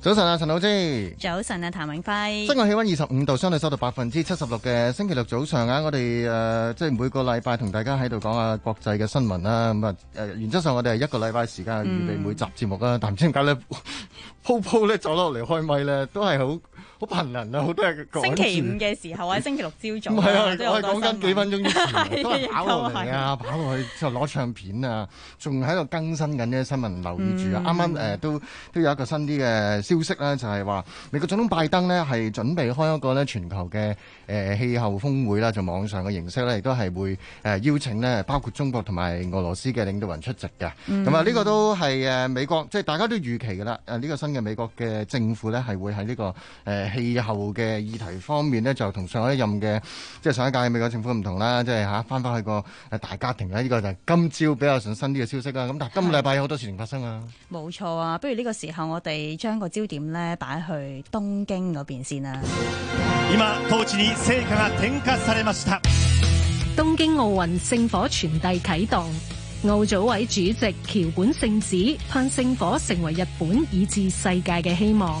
早晨啊，陳老師。早晨啊，譚永輝。室外氣溫二十五度，相對濕度百分之七十六嘅星期六早上啊，我哋誒、呃，即係每個禮拜同大家喺度講下國際嘅新聞啦。咁啊，誒、呃，原則上我哋係一個禮拜時間預備每集節目啦、啊。嗯、但唔知點解咧，鋪鋪咧走落嚟開咪咧，都係好。好頻能 啊，好多嘢講。星期五嘅時候，喺星期六朝早。唔係啊，我係講緊幾分鐘之前，都跑落嚟啊， 跑落去就攞唱片啊，仲喺度更新緊啲新聞，留意住啊。啱啱誒都都有一個新啲嘅消息啦，就係、是、話美國總統拜登呢係準備開一個咧全球嘅誒、呃、氣候峰會啦，就網上嘅形式呢，亦都係會誒、呃、邀請咧包括中國同埋俄羅斯嘅領導人出席嘅。咁、嗯、啊、呢、這個都係誒、啊、美國，即、就、係、是、大家都預期嘅啦。誒、啊、呢、這個新嘅美國嘅政府呢，係會喺呢、這個誒。呃氣候嘅議題方面呢，就同上一任嘅即係上一屆嘅美國政府唔同啦。即係嚇翻返去個大家庭啦。呢、這個就係今朝比較最新啲嘅消息啦。咁但係今個禮拜有好多事情發生啊，冇錯啊。不如呢個時候我哋將個焦點咧擺去東京嗰邊先啦。今東京奧運聖火傳遞啟動，奧組委主席橋本聖子盼聖火成為日本以至世界嘅希望。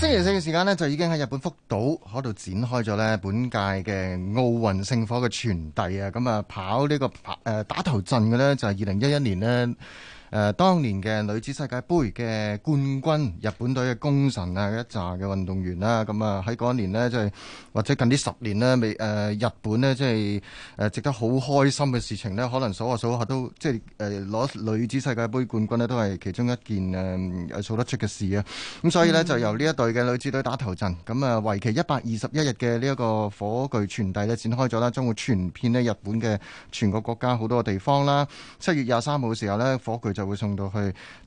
星期四嘅時間呢，就已經喺日本福島嗰度展開咗呢本屆嘅奧運聖火嘅傳遞啊！咁啊，跑呢個排打頭陣嘅呢，就係二零一一年呢。誒、呃、當年嘅女子世界盃嘅冠軍，日本隊嘅功臣啊，一扎嘅運動員啦，咁啊喺嗰年呢，即、就、係、是、或者近啲十年呢，未、呃、誒日本呢，即係誒值得好開心嘅事情呢。可能數下數下都即係誒攞女子世界盃冠軍呢，都係其中一件誒數、呃、得出嘅事啊！咁、啊、所以呢，就由呢一隊嘅女子隊打頭陣，咁啊為期一百二十一日嘅呢一個火炬傳遞呢，展開咗啦，將會傳遍呢日本嘅全國國家好多個地方啦。七月廿三號嘅時候呢，火炬，就會送到去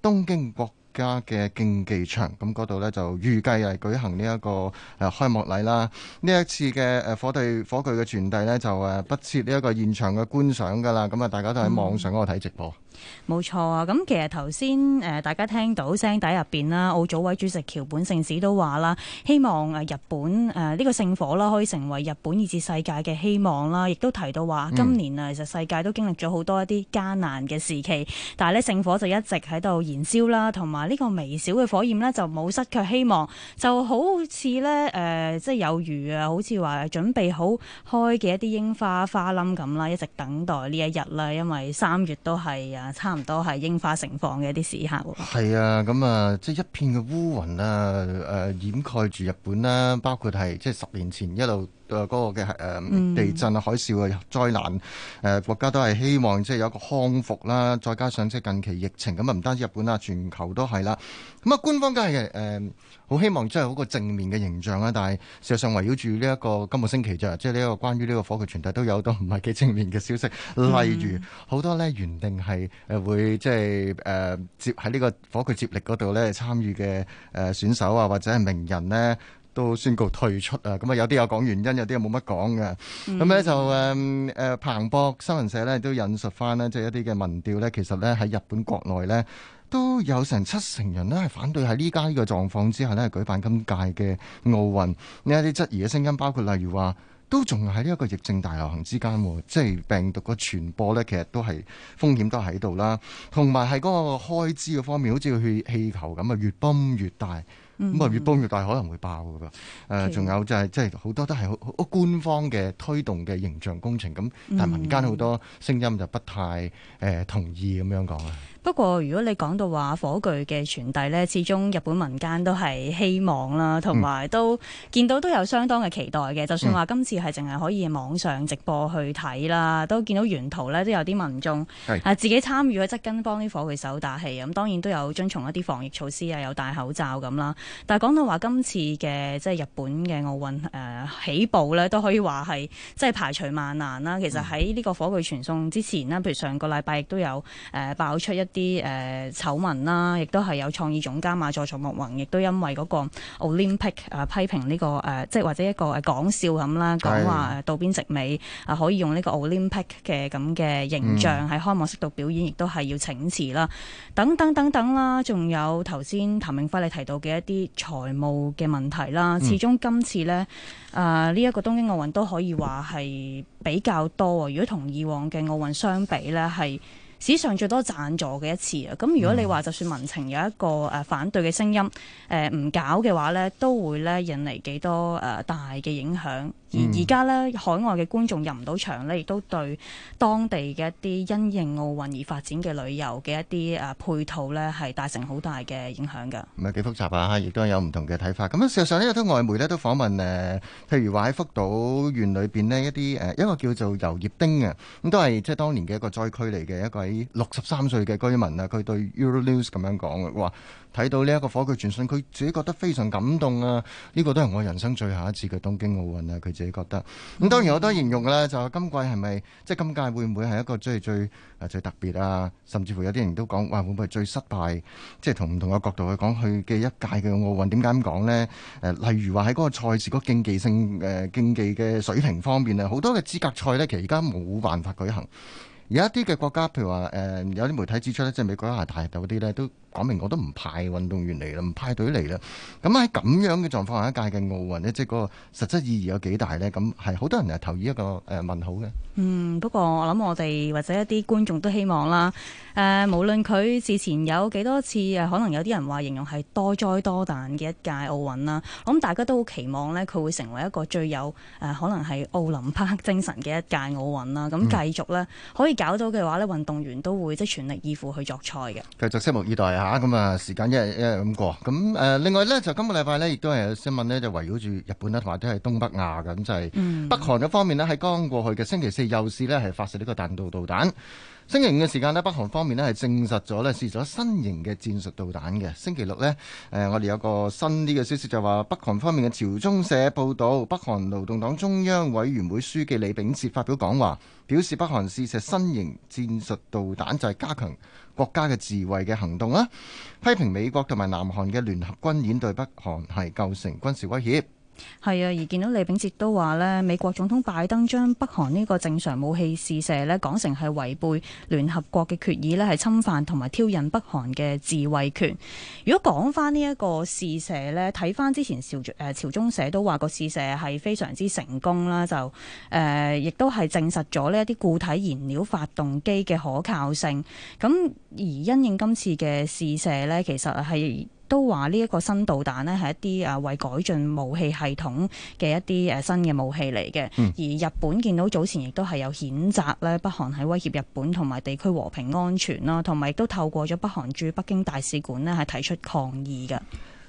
東京國家嘅競技場，咁嗰度咧就預計係舉行呢一個誒開幕禮啦。呢一次嘅誒火炬火炬嘅傳遞咧就誒不設呢一個現場嘅觀賞噶啦，咁啊大家都喺網上度睇直播。嗯冇錯啊！咁其實頭先誒，大家聽到聲底入邊啦，奧組委主席橋本聖子都話啦，希望誒日本誒呢、呃呢個聖火啦，可以成為日本以至世界嘅希望啦。亦都提到話，今年啊，嗯、其實世界都經歷咗好多一啲艱難嘅時期，但係呢，聖火就一直喺度燃燒啦，同埋呢個微小嘅火焰呢就冇失去希望，就好似呢，誒、呃，即係有如啊，好似話準備好開嘅一啲櫻花花冧咁啦，一直等待呢一日啦，因為三月都係啊。差唔多係櫻花盛放嘅一啲時刻喎。係啊，咁啊，啊，即係一片嘅烏雲啊，誒、呃，掩蓋住日本啦、啊，包括係即係十年前一路。誒個嘅誒地震啊、海嘯啊、災難誒，嗯、國家都係希望即係有一個康復啦。再加上即係近期疫情咁啊，唔單止日本啦，全球都係啦。咁啊，官方梗係誒好希望即係好個正面嘅形象啦。但係事實上圍繞住呢一個今個星期啫，即係呢一個關於呢個火炬傳遞都有好多唔係幾正面嘅消息，例如好、嗯、多咧原定係誒會即係誒接喺呢個火炬接力嗰度咧參與嘅誒、呃、選手啊，或者係名人呢都宣告退出啊！咁、嗯、啊，有啲有講原因，有啲又冇乜講嘅。咁咧、嗯、就誒誒、嗯、彭博新聞社咧都引述翻咧，即係一啲嘅民調咧，其實咧喺日本國內咧都有成七成人咧係反對喺呢家呢個狀況之下咧舉辦今屆嘅奧運。呢一啲質疑嘅聲音，包括例如話都仲喺呢一個疫症大流行之間，即係病毒嘅傳播咧，其實都係風險都喺度啦。同埋係嗰個開支嘅方面，好似個氣球咁啊，越泵越大。咁啊，嗯、越煲越大可能會爆㗎。誒、呃，仲其有就係即係好多都係好官方嘅推動嘅形象工程，咁但民間好多聲音就不太誒、呃、同意咁樣講啊。嗯、不過如果你講到話火炬嘅傳遞呢，始終日本民間都係希望啦，同埋都見到都有相當嘅期待嘅。嗯、就算話今次係淨係可以網上直播去睇啦，都見到沿途呢都有啲民眾係的、啊、自己參與去側邊幫啲火炬手打氣。咁當然都有遵從一啲防疫措施啊，有戴口罩咁啦。但係講到話今次嘅即係日本嘅奧運誒、呃、起步咧，都可以話係即係排除萬難啦。其實喺呢個火炬傳送之前啦，譬如上個禮拜亦都有誒、呃、爆出一啲誒、呃、醜聞啦，亦都係有創意總監嘛，佐佐木宏亦都因為嗰個奧林匹克誒批評呢、這個誒、呃、即係或者一個、呃、講笑咁啦，講話渡邊直美啊、呃，可以用呢個奧林匹克嘅咁嘅形象喺開幕式度表演，嗯、亦都係要請辭啦，等等等等啦，仲有頭先譚永輝你提到嘅一啲。啲財務嘅問題啦，始終今次呢，啊呢一個東京奧運都可以話係比較多。如果同以往嘅奧運相比呢，係史上最多贊助嘅一次啊。咁如果你話就算民情有一個誒、呃、反對嘅聲音，誒、呃、唔搞嘅話呢都會呢引嚟幾多誒、呃、大嘅影響。而家咧海外嘅觀眾入唔到場咧，亦都對當地嘅一啲因應奧運而發展嘅旅遊嘅一啲誒、呃、配套咧，係帶成好大嘅影響嘅。唔係幾複雜啊！亦都有唔同嘅睇法。咁啊，事實上呢有啲外媒咧都訪問誒、呃，譬如話喺福島縣裏邊呢，一啲誒、呃，一個叫做遊業丁嘅，咁、啊、都係即係當年嘅一個災區嚟嘅一位六十三歲嘅居民啊，佢對 Euro News 咁樣講嘅話。睇到呢一個火炬傳信，佢自己覺得非常感動啊！呢個都係我人生最後一次嘅東京奧運啊！佢自己覺得。咁當然我都形容啦，就係今季係咪即係今屆會唔會係一個最最最特別啊？甚至乎有啲人都講：哇，會唔會最失敗？即係同唔同嘅角度去講，佢嘅一屆嘅奧運點解咁講呢？誒、呃，例如話喺嗰個賽事、嗰競技性誒、呃、競技嘅水平方面啊，好多嘅資格賽呢，其實而家冇辦法舉行。有一啲嘅國家，譬如話誒、呃，有啲媒體指出呢，即係美國、加拿大嗰啲呢。都。講明我都唔派運動員嚟啦，唔派隊嚟啦。咁喺咁樣嘅狀況下，一屆嘅奧運呢，即係個實質意義有幾大呢？咁係好多人係投以一個誒問號嘅。嗯，不過我諗我哋或者一啲觀眾都希望啦。誒、呃，無論佢事前有幾多次誒，可能有啲人話形容係多災多難嘅一屆奧運啦。我諗大家都好期望呢，佢會成為一個最有誒、呃，可能係奧林匹克精神嘅一屆奧運啦。咁繼續呢，嗯、可以搞到嘅話呢，運動員都會即全力以赴去作賽嘅。繼續拭目以待啊！啊咁啊，時間一日一日咁過，咁、啊、誒另外呢，就今個禮拜呢，亦都係新聞呢，就圍繞住日本呢，同埋都係東北亞嘅咁就係北韓方面呢，喺剛過去嘅星期四又試呢，係發射呢個彈道導彈。星期五嘅時間呢，北韓方面呢，係證實咗呢，試咗新型嘅戰術導彈嘅。星期六呢，誒、呃、我哋有個新啲嘅消息就話北韓方面嘅朝中社報導，北韓勞動黨中央委員會書記李炳哲發表講話，表示北韓試射新型戰術導彈就係加強國家嘅自衛嘅行動啦，批評美國同埋南韓嘅聯合軍演對北韓係構成軍事威脅。係啊，而見到李炳哲都話咧，美國總統拜登將北韓呢個正常武器試射咧，講成係違背聯合國嘅決議呢，係侵犯同埋挑釁北韓嘅自衛權。如果講翻呢一個試射呢，睇翻之前朝、誒朝中社都話個試射係非常之成功啦，就誒，呃、亦都係證實咗呢一啲固體燃料發動機嘅可靠性。咁而因應今次嘅試射呢，其實係。都話呢一個新導彈咧，係一啲啊為改進武器系統嘅一啲誒新嘅武器嚟嘅。嗯、而日本見到早前亦都係有譴責咧北韓喺威脅日本同埋地區和平安全啦，同埋亦都透過咗北韓駐北京大使館咧係提出抗議嘅。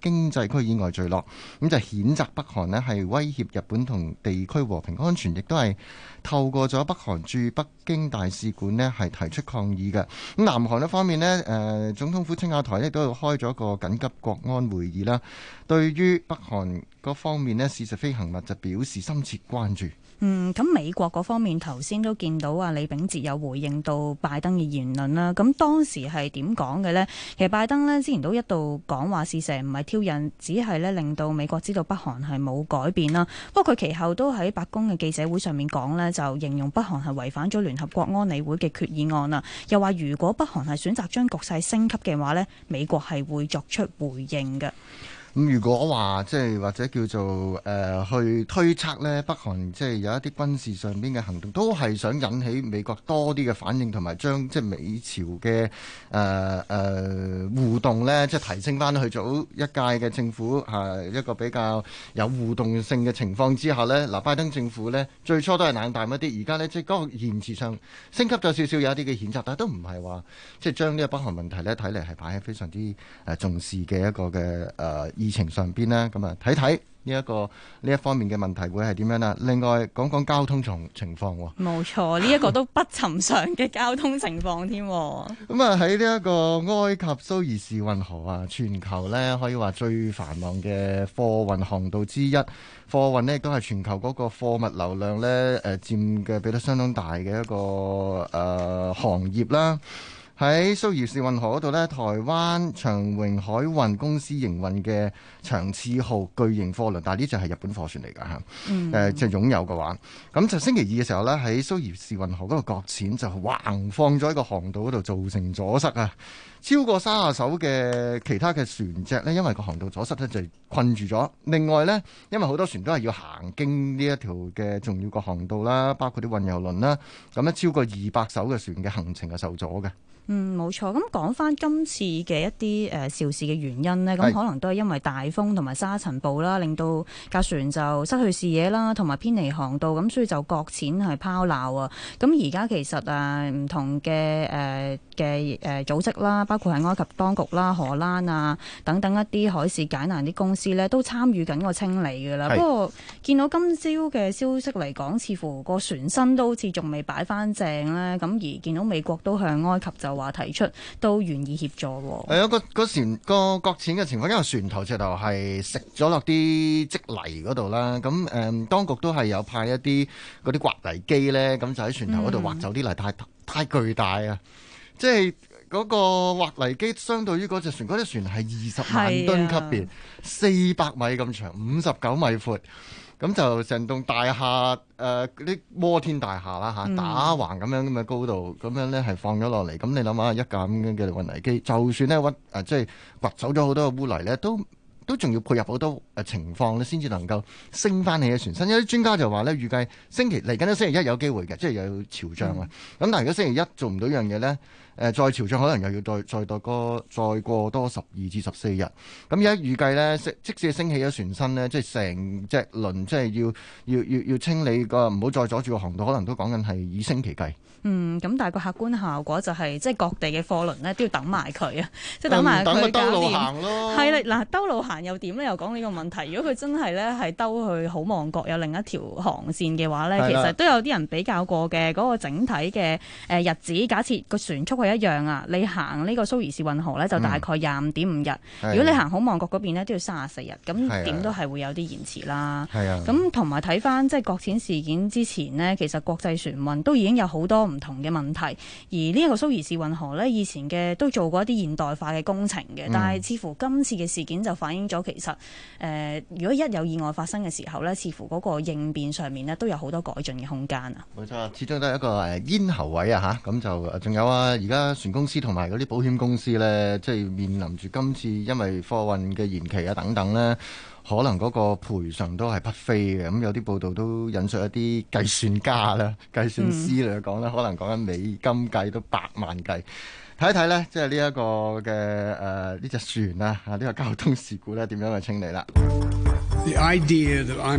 經濟區以外墜落，咁就譴責北韓呢係威脅日本同地區和平安全，亦都係透過咗北韓駐北京大使館呢係提出抗議嘅。咁南韓呢方面呢，誒總統府青瓦台呢都開咗個緊急國安會議啦，對於北韓嗰方面呢，事實飛行物就表示深切關注。嗯，咁美國嗰方面頭先都見到啊，李炳哲有回應到拜登嘅言論啦。咁當時係點講嘅呢？其實拜登呢，之前都一度講話試射唔係挑釁，只係呢令到美國知道北韓係冇改變啦。不過佢其後都喺白宮嘅記者會上面講呢，就形容北韓係違反咗聯合國安理會嘅決議案啦。又話如果北韓係選擇將局勢升級嘅話呢，美國係會作出回應嘅。咁如果話即係或者叫做誒、呃、去推測咧，北韓即係有一啲軍事上邊嘅行動，都係想引起美國多啲嘅反應，同埋將即係美朝嘅誒誒互動呢，即係提升翻去做一屆嘅政府嚇、啊、一個比較有互動性嘅情況之下呢，嗱，拜登政府呢，最初都係冷淡一啲，而家呢，即係嗰個言辭上升級咗少少有一啲嘅譴責，但係都唔係話即係將呢個北韓問題呢，睇嚟係擺喺非常之誒、呃、重視嘅一個嘅誒。呃呃疫情上邊呢，咁啊睇睇呢一個呢一方面嘅問題會係點樣啦？另外講講交通從情況喎，冇錯，呢、這、一個都不尋常嘅交通情況添。咁啊喺呢一個埃及蘇彝士運河啊，全球呢可以話最繁忙嘅貨運航道之一，貨運呢都係全球嗰個貨物流量呢誒、呃、佔嘅比較相當大嘅一個誒、呃、行業啦。喺蘇彝士運河嗰度呢，台灣長榮海運公司營運嘅長賜號巨型貨輪，但係呢隻係日本貨船嚟㗎嚇，誒即係擁有嘅話，咁就星期二嘅時候呢喺蘇彝士運河嗰度擱淺，就橫放咗一個航道嗰度，造成阻塞啊！超過三十艘嘅其他嘅船隻呢因為個航道阻塞呢就困住咗。另外呢，因為好多船都係要行經呢一條嘅重要嘅航道啦，包括啲運油輪啦，咁呢，超過二百艘嘅船嘅行程係受阻嘅。嗯，冇錯，咁講翻今次嘅一啲誒肇事嘅原因咧，咁是可能都係因為大風同埋沙塵暴啦，令到架船就失去視野啦，同埋偏離航道，咁所以就擱淺係拋錨啊。咁而家其實啊，唔同嘅誒嘅誒組織啦，包括係埃及當局啦、荷蘭啊等等一啲海事解難啲公司咧，都參與緊個清理噶啦。是不過見到今朝嘅消息嚟講似乎個船身都好似仲未擺翻正咧。咁而見到美國都向埃及就話提出都願意協助。誒、哎，有、那個個船、那個擱淺嘅情況，因為船頭直頭係食咗落啲積泥嗰度啦。咁誒、嗯，當局都係有派一啲嗰啲挖泥機咧，咁就喺船頭嗰度挖走啲泥，太太巨大啊！即係嗰個挖泥機，相對於嗰隻船，嗰隻船係二十萬噸級別，四百、啊、米咁長，五十九米闊。咁就成棟大廈，誒、呃、啲摩天大廈啦嚇，打橫咁樣咁嘅高度，咁樣咧係放咗落嚟。咁你諗下，一架咁嘅運泥機，就算咧運誒即係掘走咗好多嘅污泥咧，都都仲要配合好多誒情況咧，先至能夠升翻起嘅船身。有啲專家就話咧，預計星期嚟緊咧星期一有機會嘅，即係有潮漲啊。咁、嗯、但係如果星期一做唔到一樣嘢咧？誒、呃、再潮漲可能又要再再多過再過多十二至十四日，咁而家預計呢，即使升起咗船身呢，即係成隻輪即係要要要要清理個唔好再阻住個航道，可能都講緊係以星期計。嗯，咁但係個客觀效果就係、是、即係各地嘅貨輪呢都要等埋佢啊，即係、嗯、等埋佢、嗯。等等兜路行咯。係啦，嗱兜路行又點呢？又講呢個問題。如果佢真係呢，係兜去好望角有另一條航線嘅話呢，其實都有啲人比較過嘅嗰、那個整體嘅誒日子。假設個船速一樣啊！你行呢個蘇伊士運河呢，就大概廿五點五日。嗯、如果你行好望角嗰邊呢，都要三十四日。咁點都係會有啲延遲啦。咁同埋睇翻即係擱淺事件之前呢，其實國際船運都已經有好多唔同嘅問題。而呢一個蘇伊士運河呢，以前嘅都做過一啲現代化嘅工程嘅，但係似乎今次嘅事件就反映咗其實誒、呃，如果一有意外發生嘅時候呢，似乎嗰個應變上面呢，都有好多改進嘅空間啊。冇錯，始終都係一個咽喉位啊吓，咁就仲有啊，而家。船公司同埋嗰啲保險公司呢，即係面臨住今次因為貨運嘅延期啊等等呢，可能嗰個賠償都係不菲嘅。咁、嗯、有啲報道都引述一啲計算家啦、計算師嚟講咧，嗯、可能講緊美金計都百萬計。睇一睇呢，即係呢一個嘅誒呢隻船啊，啊、這、呢個交通事故呢點樣去清理啦？The idea that I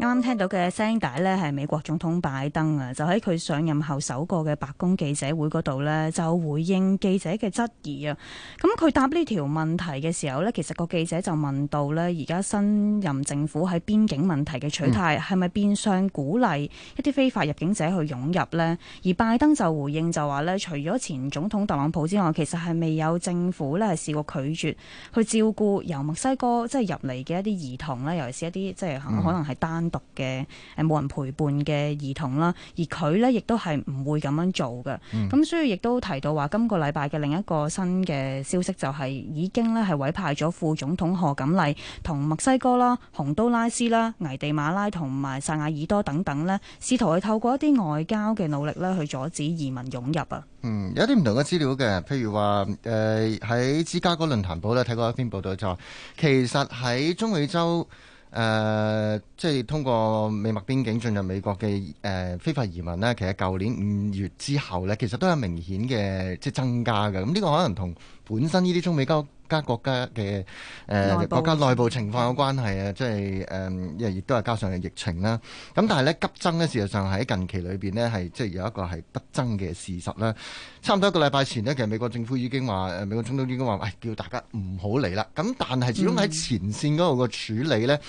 啱啱聽到嘅聲帶呢，係美國總統拜登啊，就喺佢上任後首個嘅白宮記者會嗰度呢，就回應記者嘅質疑啊。咁佢答呢條問題嘅時候呢，其實個記者就問到呢而家新任政府喺邊境問題嘅取態係咪變相鼓勵一啲非法入境者去湧入呢？而拜登就回應就話呢除咗前總統特朗普之外，其實係未有政府呢係試過拒絕去照顧由墨西哥即係入嚟嘅一啲兒童呢，尤其是一啲即係可能係單獨嘅誒，冇人陪伴嘅兒童啦，而佢呢亦都係唔會咁樣做嘅。咁、嗯、所以亦都提到話，今個禮拜嘅另一個新嘅消息就係、是、已經呢係委派咗副總統賀錦麗同墨西哥啦、洪都拉斯啦、危地馬拉同埋薩爾瓦多等等呢，試圖去透過一啲外交嘅努力呢去阻止移民湧入啊。嗯，有啲唔同嘅資料嘅，譬如話誒喺芝加哥論壇報呢睇過一篇報道，就話其實喺中美洲。誒、呃，即係通過美墨邊境進入美國嘅誒、呃、非法移民呢，其實舊年五月之後呢，其實都有明顯嘅即係增加㗎。咁、這、呢個可能同本身呢啲中美交加國家嘅誒、呃、部國家內部情況有關係啊，嗯、即係誒、嗯、亦都係加上嘅疫情啦。咁但係咧急增咧，事實上喺近期裏邊咧係即係有一個係不爭嘅事實啦。差唔多一個禮拜前咧，其實美國政府已經話誒，美國總統已經話喂、哎、叫大家唔好嚟啦。咁但係始終喺前綫嗰度嘅處理咧，嗯、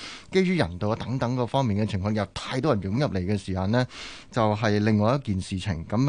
基於人道啊等等嗰方面嘅情況有太多人湧入嚟嘅時間咧，就係、是、另外一件事情。咁誒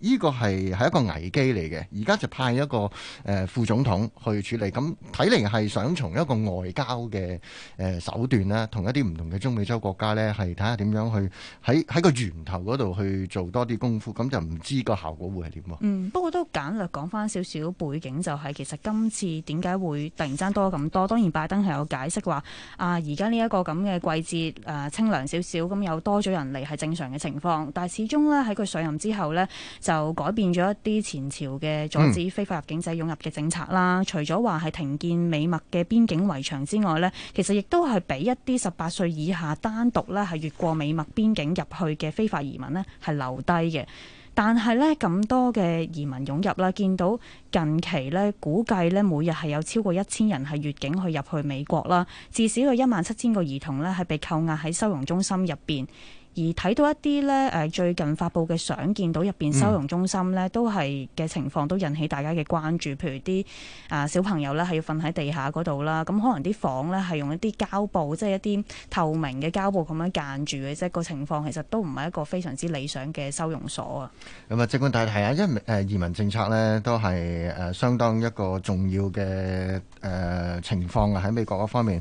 呢個係係一個危機嚟嘅。而家就派一個誒。呃呃副總統去處理，咁睇嚟係想從一個外交嘅誒手段啦，同一啲唔同嘅中美洲國家咧，係睇下點樣去喺喺個源頭嗰度去做多啲功夫，咁就唔知個效果會係點。嗯，不過都簡略講翻少少背景，就是，就係其實今次點解會突然間多咁多？當然拜登係有解釋話啊，而家呢一個咁嘅季節誒、啊、清涼少少，咁、嗯、有多咗人嚟係正常嘅情況，但係始終咧喺佢上任之後咧，就改變咗一啲前朝嘅阻止非法入境者湧入政策啦，除咗話係停建美墨嘅邊境圍牆之外咧，其實亦都係俾一啲十八歲以下單獨咧係越過美墨邊境入去嘅非法移民咧係留低嘅。但係咧咁多嘅移民湧入啦，見到近期咧估計咧每日係有超過一千人係越境去入去美國啦，至少有一萬七千個兒童咧係被扣押喺收容中心入邊。而睇到一啲咧誒最近發布嘅相，見到入邊收容中心咧都係嘅情況，都引起大家嘅關注。譬如啲啊小朋友咧係要瞓喺地下嗰度啦，咁可能啲房咧係用一啲膠布，即係一啲透明嘅膠布咁樣間住嘅啫。個情況其實都唔係一個非常之理想嘅收容所啊。咁啊、嗯，儘管大家睇下啊，因為誒移民政策咧都係誒相當一個重要嘅誒、呃、情況啊，喺美國嗰方面。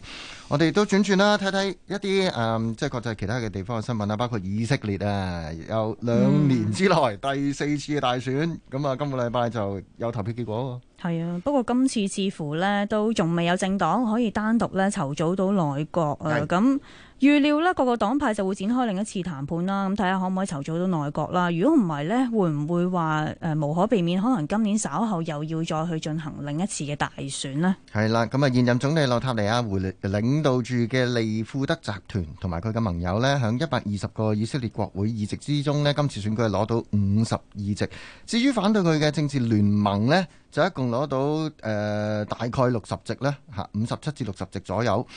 我哋都轉轉啦，睇睇一啲誒、嗯，即係國際其他嘅地方嘅新聞啦，包括以色列啊，有兩年之內第四次嘅大選，咁啊、嗯，今個禮拜就有投票結果喎。係啊，不過今次似乎呢都仲未有政黨可以單獨呢籌組到內閣啊咁。是預料呢，各個黨派就會展開另一次談判啦，咁睇下可唔可以籌組到內閣啦。如果唔係呢，會唔會話誒、呃、無可避免，可能今年稍後又要再去進行另一次嘅大選呢？係啦，咁啊，現任總理內塔尼亞胡領導住嘅利庫德集團同埋佢嘅盟友呢，響一百二十個以色列國會議席之中呢，今次選舉係攞到五十二席。至於反對佢嘅政治聯盟呢，就一共攞到誒、呃、大概六十席啦，吓五十七至六十席左右。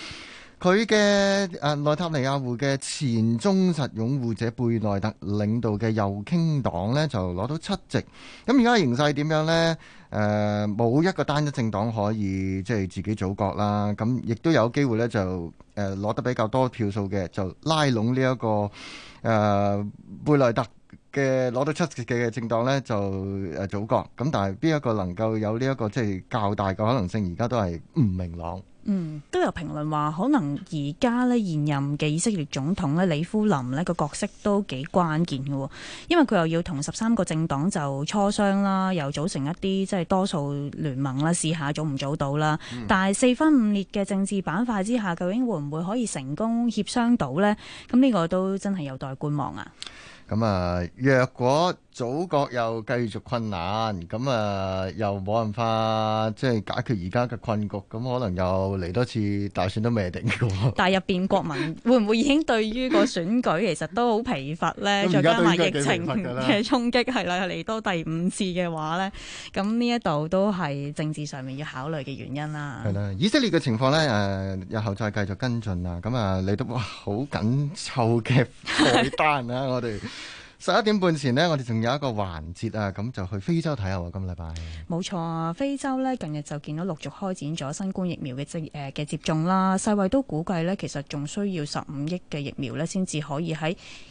佢嘅誒內塔尼亞胡嘅前忠實擁護者貝內特領導嘅右傾黨呢，就攞到七席。咁而家形勢點樣呢？誒、呃，冇一個單一政黨可以即係自己組閣啦。咁亦都有機會呢，就誒攞、呃、得比較多票數嘅，就拉攏呢、這、一個誒、呃、貝內特嘅攞到七席嘅政黨呢，就誒、呃、組閣。咁但係邊一個能夠有呢、這、一個即係較大嘅可能性？而家都係唔明朗。嗯，都有評論話，可能而家呢現任嘅以色列總統呢，里夫林呢個角色都幾關鍵㗎，因為佢又要同十三個政黨就磋商啦，又組成一啲即係多數聯盟啦，試下組唔組到啦。嗯、但係四分五裂嘅政治板塊之下，究竟會唔會可以成功協商到呢？咁、這、呢個都真係有待觀望啊。咁啊、嗯，若果祖國又繼續困難，咁、嗯、啊又冇辦法即係解決而家嘅困局，咁、嗯、可能又嚟多次大選都未定嘅喎。但係入邊國民會唔會已經對於個選舉其實都好疲乏咧？ 再加埋疫情嘅衝擊，係啦，嚟多第五次嘅話咧，咁呢一度都係政治上面要考慮嘅原因啦。係啦，以色列嘅情況咧，誒、呃、日後再繼續跟進啦。咁啊，你都哇好緊湊嘅派單啊， 我哋。十一點半前呢，我哋仲有一個環節啊，咁就去非洲睇下喎。今禮拜冇錯啊，非洲呢，近日就見到陸續開展咗新冠疫苗嘅接誒嘅、呃、接種啦。世衞都估計呢，其實仲需要十五億嘅疫苗呢，先至可以喺二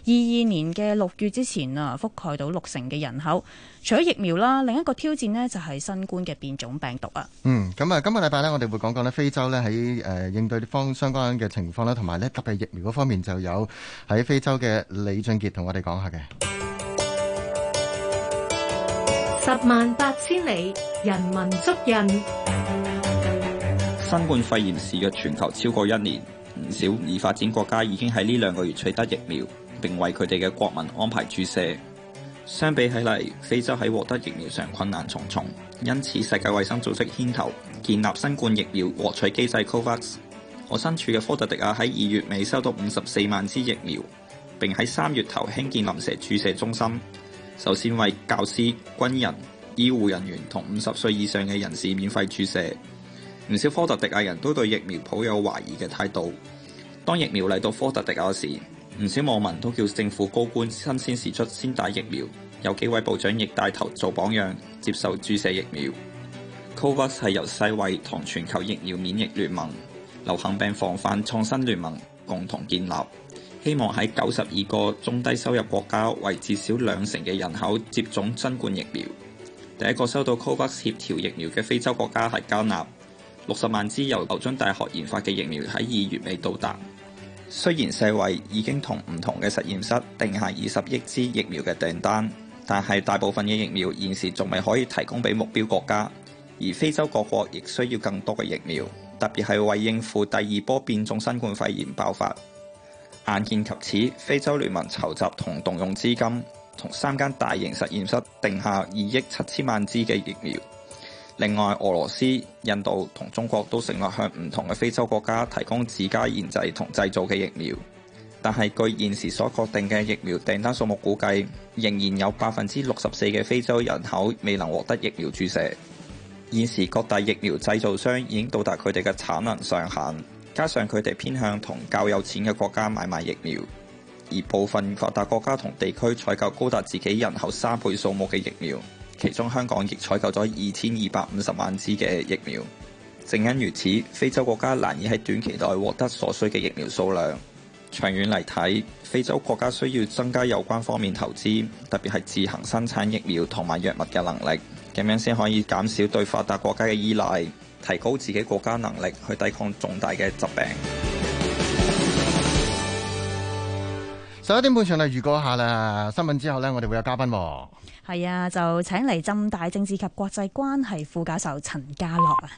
二年嘅六月之前啊，覆蓋到六成嘅人口。除咗疫苗啦，另一個挑戰呢就係新冠嘅變種病毒啊。嗯，咁啊，今個禮拜呢，我哋會講講呢非洲呢喺誒應對方相關嘅情況啦，同埋呢特別疫苗嗰方面就有喺非洲嘅李俊杰同我哋講下嘅。十萬八千里，人文足印。新冠肺炎肆虐全球超過一年，唔少已發展國家已經喺呢兩個月取得疫苗，並為佢哋嘅國民安排注射。相比起嚟，非洲喺獲得疫苗上困難重重，因此世界衛生組織牽頭建立新冠疫苗獲取機制 COVAX。我身處嘅科特迪亞喺二月尾收到五十四萬支疫苗，並喺三月頭興建臨時注射中心，首先為教師、軍人、醫護人員同五十歲以上嘅人士免費注射。唔少科特迪亞人都對疫苗抱有懷疑嘅態度。當疫苗嚟到科特迪亞時，唔少網民都叫政府高官新鮮事出先打疫苗，有幾位部長亦帶頭做榜樣，接受注射疫苗。COVAX 係由世衛同全球疫苗免疫聯盟、流行病防範創新聯盟共同建立，希望喺九十二個中低收入國家為至少兩成嘅人口接種新冠疫苗。第一個收到 COVAX 協調疫苗嘅非洲國家係加納，六十萬支由牛津大學研發嘅疫苗喺二月尾到達。雖然世衛已經同唔同嘅實驗室定下二十億支疫苗嘅訂單，但係大部分嘅疫苗現時仲未可以提供俾目標國家，而非洲各國亦需要更多嘅疫苗，特別係為應付第二波變種新冠肺炎爆發。眼見及此，非洲聯盟籌集同動用資金，同三間大型實驗室定下二億七千萬支嘅疫苗。另外，俄羅斯、印度同中國都承諾向唔同嘅非洲國家提供自家研製同製造嘅疫苗，但係據現時所確定嘅疫苗訂單數目估計，仍然有百分之六十四嘅非洲人口未能獲得疫苗注射。現時各大疫苗製造商已經到達佢哋嘅產能上限，加上佢哋偏向同較有錢嘅國家買賣疫苗，而部分發達國家同地區採購高達自己人口三倍數目嘅疫苗。其中香港亦採購咗二千二百五十萬支嘅疫苗，正因如此，非洲國家難以喺短期內獲得所需嘅疫苗數量。長遠嚟睇，非洲國家需要增加有關方面投資，特別係自行生產疫苗同埋藥物嘅能力，咁樣先可以減少對發達國家嘅依賴，提高自己國家能力去抵抗重大嘅疾病。十一點半上嚟預告一下啦，新聞之後呢，我哋會有嘉賓喎、哦。係啊，就請嚟浸大政治及國際關係副教授陳家樂啊。